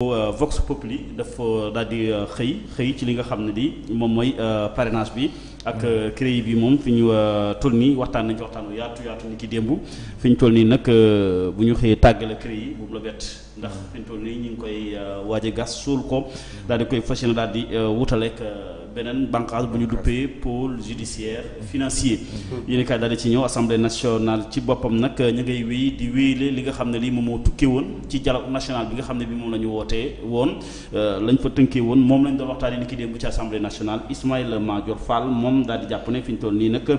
Euh, Vox Populi dafa daal di euh, xëy xëy ci li nga xam ne di moom mooy euh, parrainage bi ak CREI bi moom fi ñu toll nii waxtaan nañ ci waxtaan yaatu yaatu ni ki démb fi ñu toll nii nag bu ñu xëyee tàggale CREI bu mu la bett ndax fi ñu nii ñu ngi koy waaj a gas suul ko daal koy fas yéene daal di wutaleek benen banqaas buñu duppé duppee pôle judiciaire financier yéen kay dal ci ñëw assemblée nationale ci bopam nak ñu ngay wéy di wéyle li nga xamné li lii moom moo tukkee ci dialogue national bi nga xamné bi moom lañu woté won euh, lañ fa tënkee won mom lañ do waxtaanee ni ki démb ci assemblée nationale Ismaïla Madior Fall mom dal di japp né fiñ ñu toll nii nag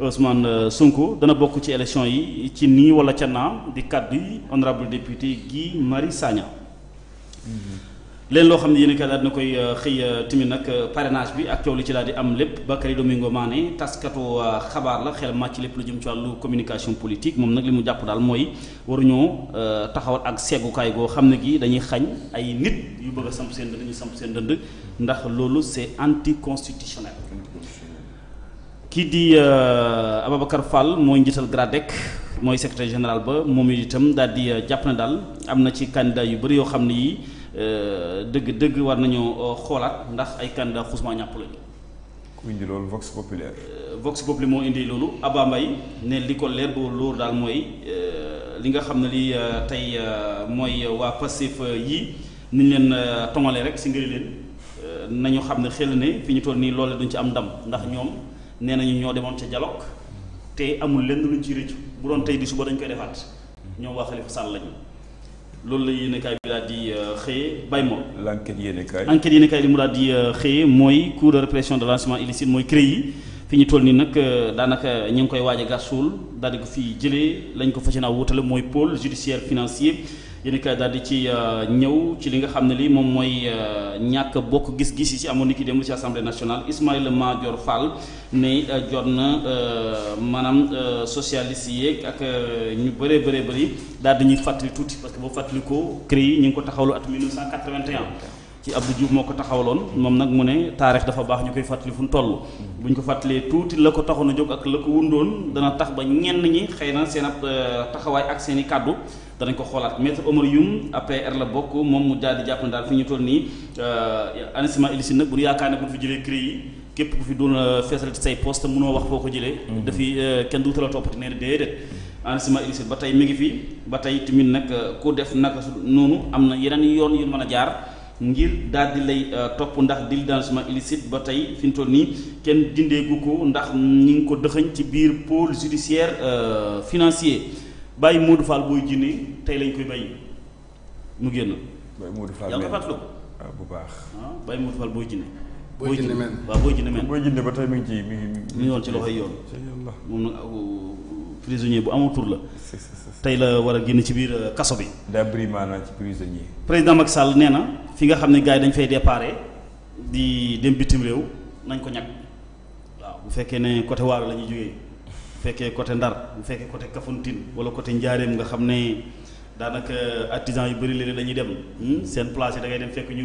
Ousmane euh, Sonko dana bokk ci élection yi ci nii wala ca naam di kaddu honorable député Guy Marie Sagna leen loo xam ne yéen euh, euh, parrainage bi ak Amlep, li ci di am Bakary Domingo Mané taskatu xabaar la xel màcc lépp lu ci communication politique mon nag li mu jàpp daal mooy waruñoo Hamnegi, ak seggukaay Aïnit, xam ne gi dañuy xañ ay nit yu bëgg ndax c'est anticonstitutionnel kii di euh, Ababacar Fall mooy njiital GRADEC mooy secrétaire général ba moom itam daal di euh, jàpp na daal am na ci candidat yu bari yoo xam ne yi dëgg-dëgg euh, war nañu xoolaat ndax ay candidat xusma ñàpp lañu. ku indi loolu Vox Populaire. Vox Populi moo indi loolu Abba Mbaye ne li ko leer boo loolu daal mooy li nga xam ne li tey mooy waa Pastef yi ni leen tongale rek si ngëri leen nañu xam ne xel ne fi ñu toll nii loolu duñ ci am ndam ndax ñoom. nee nañu ñoo demoon ca dialogue te amul lenn luñ ci rëccu bu doon tey di suba dañ koy defaat ñoo waa Khalifa Sall lañu loolu la yéenekaay bi daal di euh, xëyee bay moom. l'enquête yéenekaay enquête yéenekaay li mu daal di euh, xëyee mooy cour de répression de lancement illicite mooy CREI yi fi ñu toll nii nag euh, daanaka ñu ngi koy waaj a gas suul daal di ko fi jëlee lañ ko fas yéene wutale mooy pôle judiciaire financier. yéen kay daal di ci euh, ñëw ci li nga xam ne lii moom mooy euh, ñàkk bokk gis-gis yi ci amoon ni ki démb ci assemblée nationale Ismaïla Madior Fall ne euh, jot na maanaam socialiste yi yeeg ak ñu bëree bëre bëri daal di ñuy fàttali tuuti parce que boo fàttali ko CREI yi ñu ngi ko taxawlu at 1981. ci Abdou Diouf moo ko taxawaloon moom nag mu ne taarix dafa baax ñu koy fàttali fu mu toll mm-hmm. bu ñu ko fàttalee tuuti la ko taxoon a jóg ak la ko wundoon dana tax ba ñenn ñi xëy na seen ab ak seen i kàddu danañ ko xoolaat maître Omar Youm APR la bokk moom mu daal di jàpp ne daal fi ñu toll nii enrichissement euh, illicite nag bu ñu yaakaar ne bu ñu fi jëlee CREI yi képp ku fi doon euh, feesal say poste mënoo wax foo ko jëlee. Mm-hmm. dafi euh, kenn duutal a toppati nee na déedéet. enrichissement illicite ba tey mi ngi fi ba tey tamit nag ku def naka su noonu am na yeneen yoon yu mën a jaar. ngir daal di lay topp ndax dil d'enrichissement illicite ba tey fi ñu toll nii kenn dindeegu ko ndax ñu ngi ko dëxëñ ci biir pôle judiciaire financier bàyyi Modou Fall booy jinne tey lañ koy bàyyi mu génn. bàyyi Modou Fall yaa ngi ko fàttaliku. Ah, waaw bu baax. ah bàyyi Modou Fall booy jinne. booy jinne men waaw booy jinne men. booy jinne ba tey mi ngi ci mi ngi. mi ngi woon ci loxoy yoon. moom nag prisonnier bu amul tur la. tey la war a génn ci biir euh, kaso bi. daa bëri maanaam ci prisonnier. président Macky Sall nee na fi nga xam ne gars yi dañ fay déparé di dem bitim réew nañ ko ñàkk waaw bu fekkee ne côté waar la ñuy jógee. bu fekkee côté Ndar bu fekkee côté Kafountine wala côté Njaareem nga xam ne daanaka artisan yu bëri léeg-léeg dañuy dem hmm, seen place yi da ngay dem fekk ñu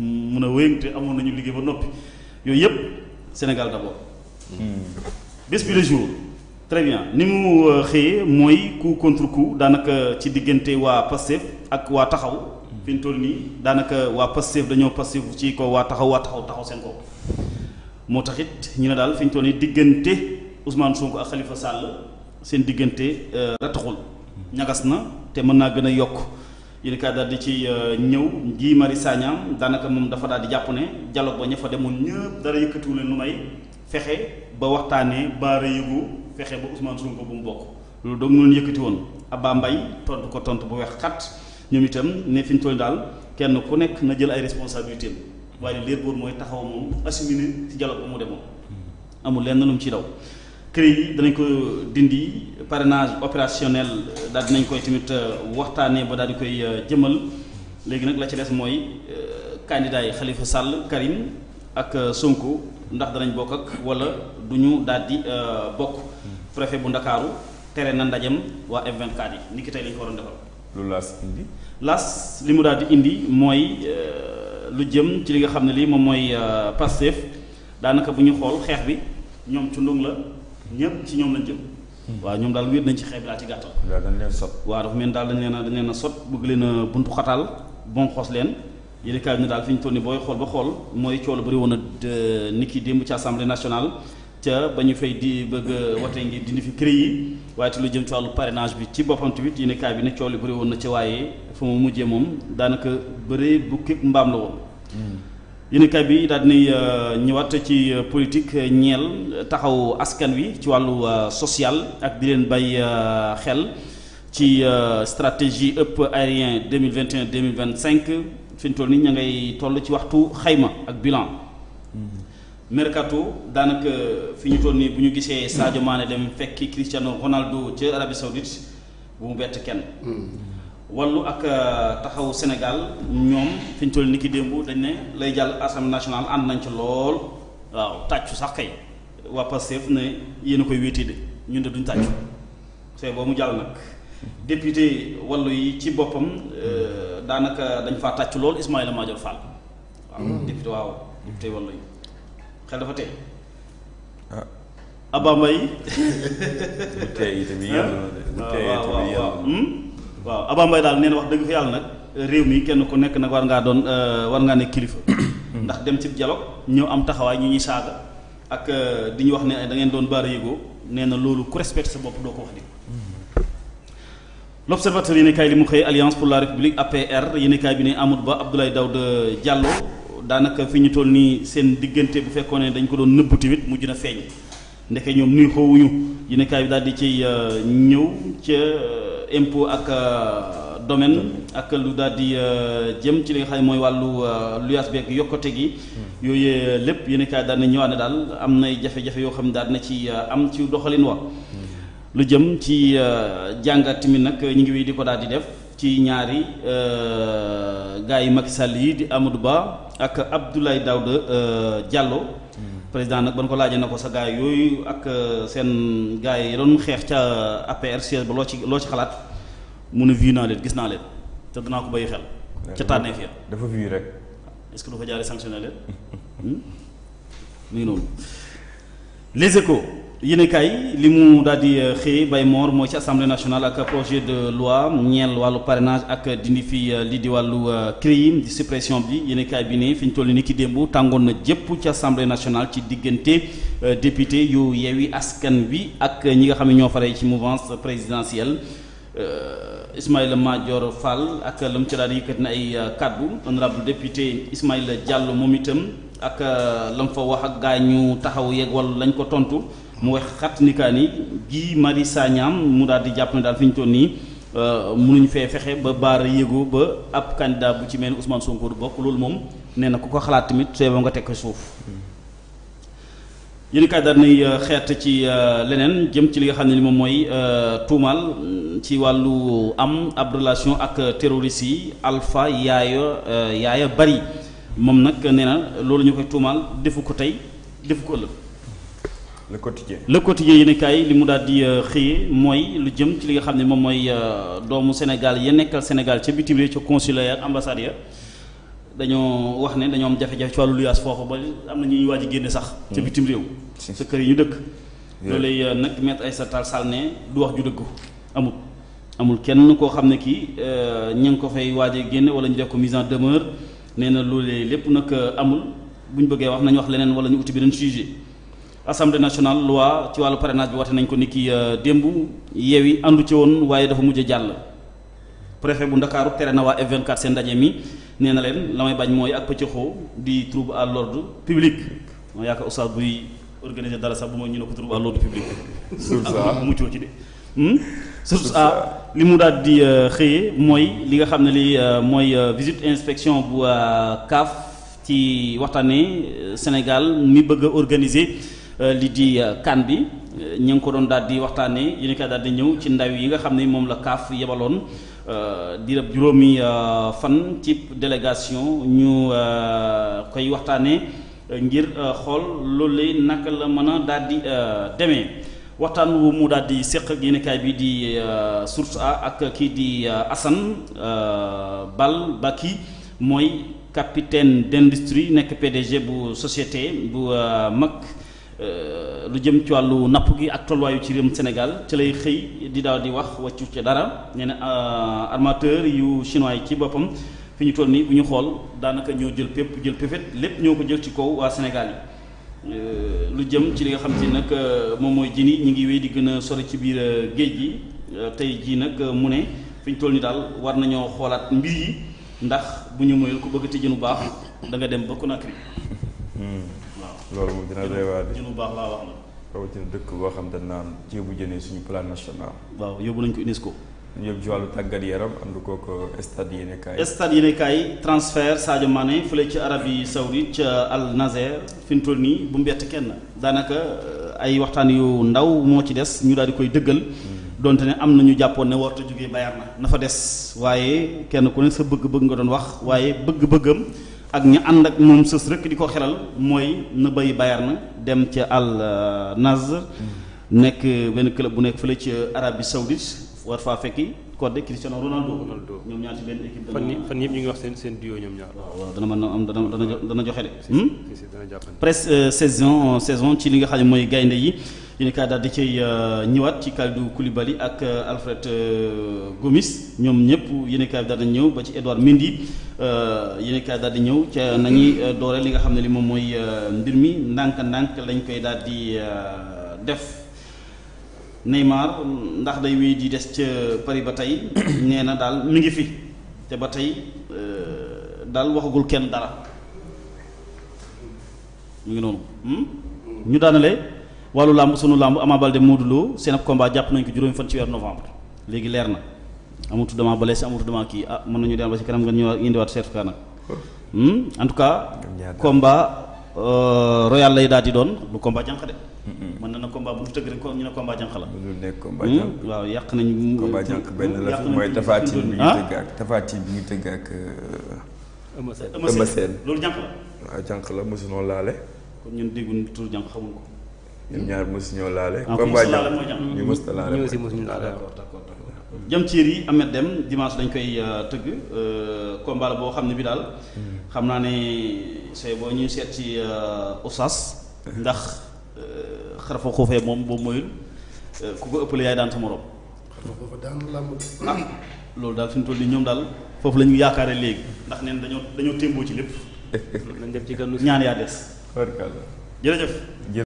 mun a wéyam te amoon nañu liggéey ba noppi yooyu yëpp Sénégal d'abord. Hmm. bés bi le jour. très ni mu euh, xëyee mooy coup contre coup daanaka ci diggante waa Pastef ak waa taxaw hmm. fi ñu toll nii daanaka waa Pastef dañoo Pastef ci ko waa taxaw waa taxaw taxaw seen kaw moo tax it ne daal fi ñu toll nii diggante. Ousmane Sonko ak Khalifa Sall seen diggante euh, rataxul ñagas na te mën naa gën a yokk yéen kaa daal di ci euh, ñëw Guy Marius Sagna daanaka moom dafa daal di jàpp ne dialogue ba ña fa demoon ñëpp dara yëkkatiwul leen lu may fexe ba waxtaanee baara yëgu fexe ba Ousmane Sonko bu mu bokk loolu doog ñu leen yëkkati woon Abba Mbaye tontu ko tontu bu weex xat ñoom itam ne fi ñu toll daal kenn ku nekk na jël ay responsabilités waaye léer boobu mooy taxaw moom assumé ci dialogue amul lenn lu mu kër danañ ko dindi parrainage opérationnel daal nañ koy tamit euh, waxtaanee ba daal di koy euh, jëmal léegi nag la ci des mooy euh, candidat yi Khalifa Sall Karim ak Sonko ndax danañ bokk ak wala du ñu daal di bokk préfet bu Ndakaaru tere na ndajem waa F24 yi ni ki tey lañ ko waroon defal. lu laas indi. laas li mu daal di indi mooy lu jëm ci li nga xam ne lii moom mooy Pastef daanaka bu ñu xool xeex bi ñoom cundung la. ñëpp ci ñoom lañ jëm. Hmm. waaw ñoom daal wéet nañ ci xeex bi daal ci gàttal. waaw dañ leen sot. waaw dafa mel daal dañ leen a dañ leen a sot bëgg leen a buntu xataal bon xos leen yéen bi ne daal fi ñu toll nii booy xool ba xool mooy coow lu bëri woon a ni ki démb ci assemblée nationale. ca ba ñu fay di bëgg wate ngir dindi fi cré yi waaye te lu jëm ci wàllu parrainage bi ci boppam tamit yéen kaay bi ne coow lu bëri woon na ca waaye fa mu mujjee moom daanaka bëri bu képp mbaam la woon. Hmm. kay bi daal dinay euh, ñewat ci euh, politique euh, ñeel taxaw askan wi ci walu social ak di leen bay xel ci stratégie ëpp aérien 2021 2025 fin ñu ni nii ña toll ci waxtu xayma ak bilan mm-hmm. mercato daanaka fi ñu toll nii bu Sadio Mané dem fekk Cristiano Ronaldo ci Arabie Saoudite bu mu bet kenn mm-hmm. wallu ak euh, taxawu senegal ñoom fi ñu toll ni démb dañ ne lay jàll assemblée nationale ànd nañ ci lool waaw tàccu sax kay waa Pastef ne yéen a koy wéetee de ñun de duñ tàccu c'est boo mu jàll nag député wallu yi ci boppam euh, daanaka dañ faa tàccu lool Ismaïla Madior Fall waaw hmm. député waaw député wallu yi xel dafa tey ah. Abba Mbaye bu tey itamit waaw Aba daal nee wax dëgg yàlla nag réew mi kenn ku nekk nag war ngaa doon euh, war ngaa nekk kilifa. ndax dem ci dialogue ñëw am taxawaay ñu ñuy saaga ak euh, di ñu wax ne da ngeen doon baara yëgoo nee na loolu ku respecté sa bopp doo ko wax di l'observateur yéen kaay li mu xëy alliance pour la république APR yéen kaay bi ne Amadou Ba Abdoulaye Daouda Diallo daanaka fi ñu toll nii seen diggante bu fekkoon ne dañ ko doon nëbbu tamit mujj na feeñ ndeke ñoom nuy xoowuñu bi daal di ciy euh, ñëw impôt ak euh, domaine ak lu daal di euh, jëm ci li nga mooy wàllu euh, luyaas beeg yokkate gi hmm. yooyu lépp yéen kaay daal na ñëwaat ne daal am nay jafe-jafe yoo xam ne daal ci am ci doxalin wa hmm. lu jëm ci jàngat mi nag ñu ngi wéy di ko daal di def ci ñaari gars yi Macky Sall yi di Amadou Ba ak Abdoulaye Daouda Diallo président nag ban ko laajee na ko sa gaay yooyu ak euh, seen gaay yi doon xeex ca euh, APR siège ba loo ci loo ci xalaat mu ne vu naa leen gis naa leen te danaa ko bàyyi xel. ca tànneef ya dafa vu rek. est-ce que du fa jaaree sanctionné leen. Hmm? mu ngi noonu les échos. yéenekaay li mu daal di euh, xëy bay moor mooy ci assemblée nationale ak projet de loi ñeel wàllu parrainage ak dindi fi euh, lii di wàllu euh, crime di suppression bi yéenekaay bi ne fi ñu toll ni ki démb tàngoon na jépp ci assemblée nationale ci diggante député yu yeewi askan bi ak ñi nga xam ne ñoo faree ci mouvance présidentielle Ismaïla Madior Fall ak la mu ci daal di yëkkati na ay kaddu honorable député Ismaïla Diallo moom itam ak la mu fa wax ak gaa ñu taxaw yeeg wàllu lañ ko tontu. mu wax xat ni gii ni Guy mu daal di jàpp ne daal fi ñu toll nii euh, mënuñ fee fexe ba baar yéego ba ab candidat bu ci mel ni Ousmane Sonko bokk loolu moom nee na ku ko xalaat tamit sooy ba nga teg ko suuf. yéen kat daal nay euh, xeet ci euh, leneen jëm ci li nga xam ne ni moom mooy tuumaal ci wàllu am ab relation ak terroriste yi Alpha Yaaya Yaaya Bari moom nag nee na loolu ñu koy tuumaal defu ko tey defu ko ëllëg. le quotidien le quotidien yéenekaay li mu daal di euh, xëyee lu jëm ci li nga xamné mom moy euh, doomu Sénégal ya nekkal Sénégal ci bitim ré ci consulat ya ak ambassade ya dañoo wax né dañoo am jafe-jafe ci wàllu luyaas foofu ba amna na ñuy waji génné sax. ci mm. bitim réw sa kër yi ñu dëkk. loolu euh, nak Maître aïssa Tall salné du wax ju dëggu amul. amul kenn ko xamné ki kii ko fay waji génné wala ñu def ko mise en demeure néna lolé lépp nak amul bu bëggé wax nañ wax lénen wala ñu bi beneen sujet. assemblée national loi ci wàllu parrainage bi wate nañ ko ni ki euh, démb yi àndu ci woon waaye dafa mujj jàll préfet bu ndakaaru tere na waa F24 ndaje mi nee na leen la may bañ mooy ak pëccëxoo di trouble à l'ordre public moo yaakaar oustaz buy organiser dara sax bu ma ñu ne ko trouble à l'ordre public ak ah, muccoo hmm? li mu daal di euh, xëyee mooy li nga xam ne li euh, mooy visite inspection bu CAF ci waxtaane Sénégal mi bëgg a organiser Euh, li di euh, kan euh, ko doon di waxtaanee yéen di ci ndaw yi fan ci délégation ñu koy ngir xool loli naka di di ak di source Bal Baki moi capitaine d'industrie nek PDG bu société bu Euh, lu jëm ci wàllu napp gi ak tolluwaayu ci réewum Sénégal ci lay xëy di daal di wax wàccu ci dara nee na euh, armateur yu chinois yi ci boppam fi ñu toll nii bu ñu xool daanaka ñoo jël pépp jël péfét lépp ñoo ko jël ci kaw waa Sénégal yi. Euh, lu jëm ci li nga xam te nag moom mooy jini ñu ngi wéy di gën a sori ci biir géej gi tey jii nag mu ne fi ñu toll ni daal war nañoo xoolaat mbir yi ndax bu ñu moyul ku bëgg te jën bu baax da nga dem ba Conakry hmm. loolu moo dina doy waar di jën bu baax laa wax na rawatina dëkk boo xam ne naan ceebu jënee suñu plan national waaw yóbbu nañ ko UNESCO ñu yëpp ci wàllu tàggat yaram ànd kook euh, stade yéene kaay stade yéene kaay transfert Sadio Mané fële ci Arabie Saoudite ca Al Nassr fi mu toll nii bu mbett kenn daanaka euh, ay waxtaan yu ndaw moo ci des ñu daal di koy dëggal hmm. donte ne am na ñu jàppoon ne warta jógee Bayern na na fa des waaye kenn ku ne sa bëgg-bëgg nga doon wax waaye bëgg-bëggam ak ñu and ak moom sës rek di ko xelal mooy na bay Bayern dem ca Al euh, nazr mm. nekk benn club bu nekk fële ci Arabie Saoudite war faa fekki Codé Cristiano Ronaldo. Ronaldo ñoom ñaar ci benn équipe. fan yii fan yëpp ñu ngi wax seen seen duo ñoom ñaar. waaw waaw dana mën am dana dana joxe de. Hmm? presque euh, saison saison ci li nga xam ne mooy gaynde yi. yéen kaay daal cay euh, ñëwaat ci Kalidou Koulibaly ak euh, Alfred euh, Gomis ñoom ñëpp yéen kaay daal ñëw ba ci Edouard Mendy yéen kaay daal di ñëw ca nañuy dooreel li nga xam ne li moom mooy mbir mi ndànk-ndànk lañ koy daal di def. Neymar ndax day wéy di des ca Paris ba tey nee na daal mi ngi fi te ba tey daal waxagul kenn dara mu ngi noonu hmm? Hmm. ñu daanalee wàllu làmb sunu làmb Ama Baldé Modou Lo seen ab combat jàpp nañ ko juróomi fan ci weeru novembre léegi leer na amatu dama blessé amatu dama kii ah mën nañu dem ba ci kanam nga ñëw indiwaat certificat nag hmm? en tout cas combat euh, royal lay daal di doon lu combat jànq de mën na na combat tëgg rek ñu ne combat jànq la lu nekk combat hmm? jànq nañ combat jànq benn la mooy tafaati bi ah? ñu bi ñu tëgg ak ëmma euh, seen loolu jànq la waaw jànq la mosunoo laale kon ñun dégguñ tur jànq xamuñ ko ñoom ñaar mosu ñoo laale. combat ñu mos a laale ñu aussi mosu laale d'accord ciir yi Ahmed Deme dimanche dañ koy euh, tëgg euh, combat la boo xam ne bi daal. Hmm. xam naa ne sooy boo ñuy seet ci euh, Ousas. ndax xarafa xuufee moom boo mooyul ku ko ëppale yaay daan sa morom. xarafa xuufe daan ah, loolu daal fi mu toll nii ñoom daal foofu lañuy ñu léegi ndax neen dañoo dañoo témboo ci lépp. def ci gànnu ñaan yaa des. jërëjëf.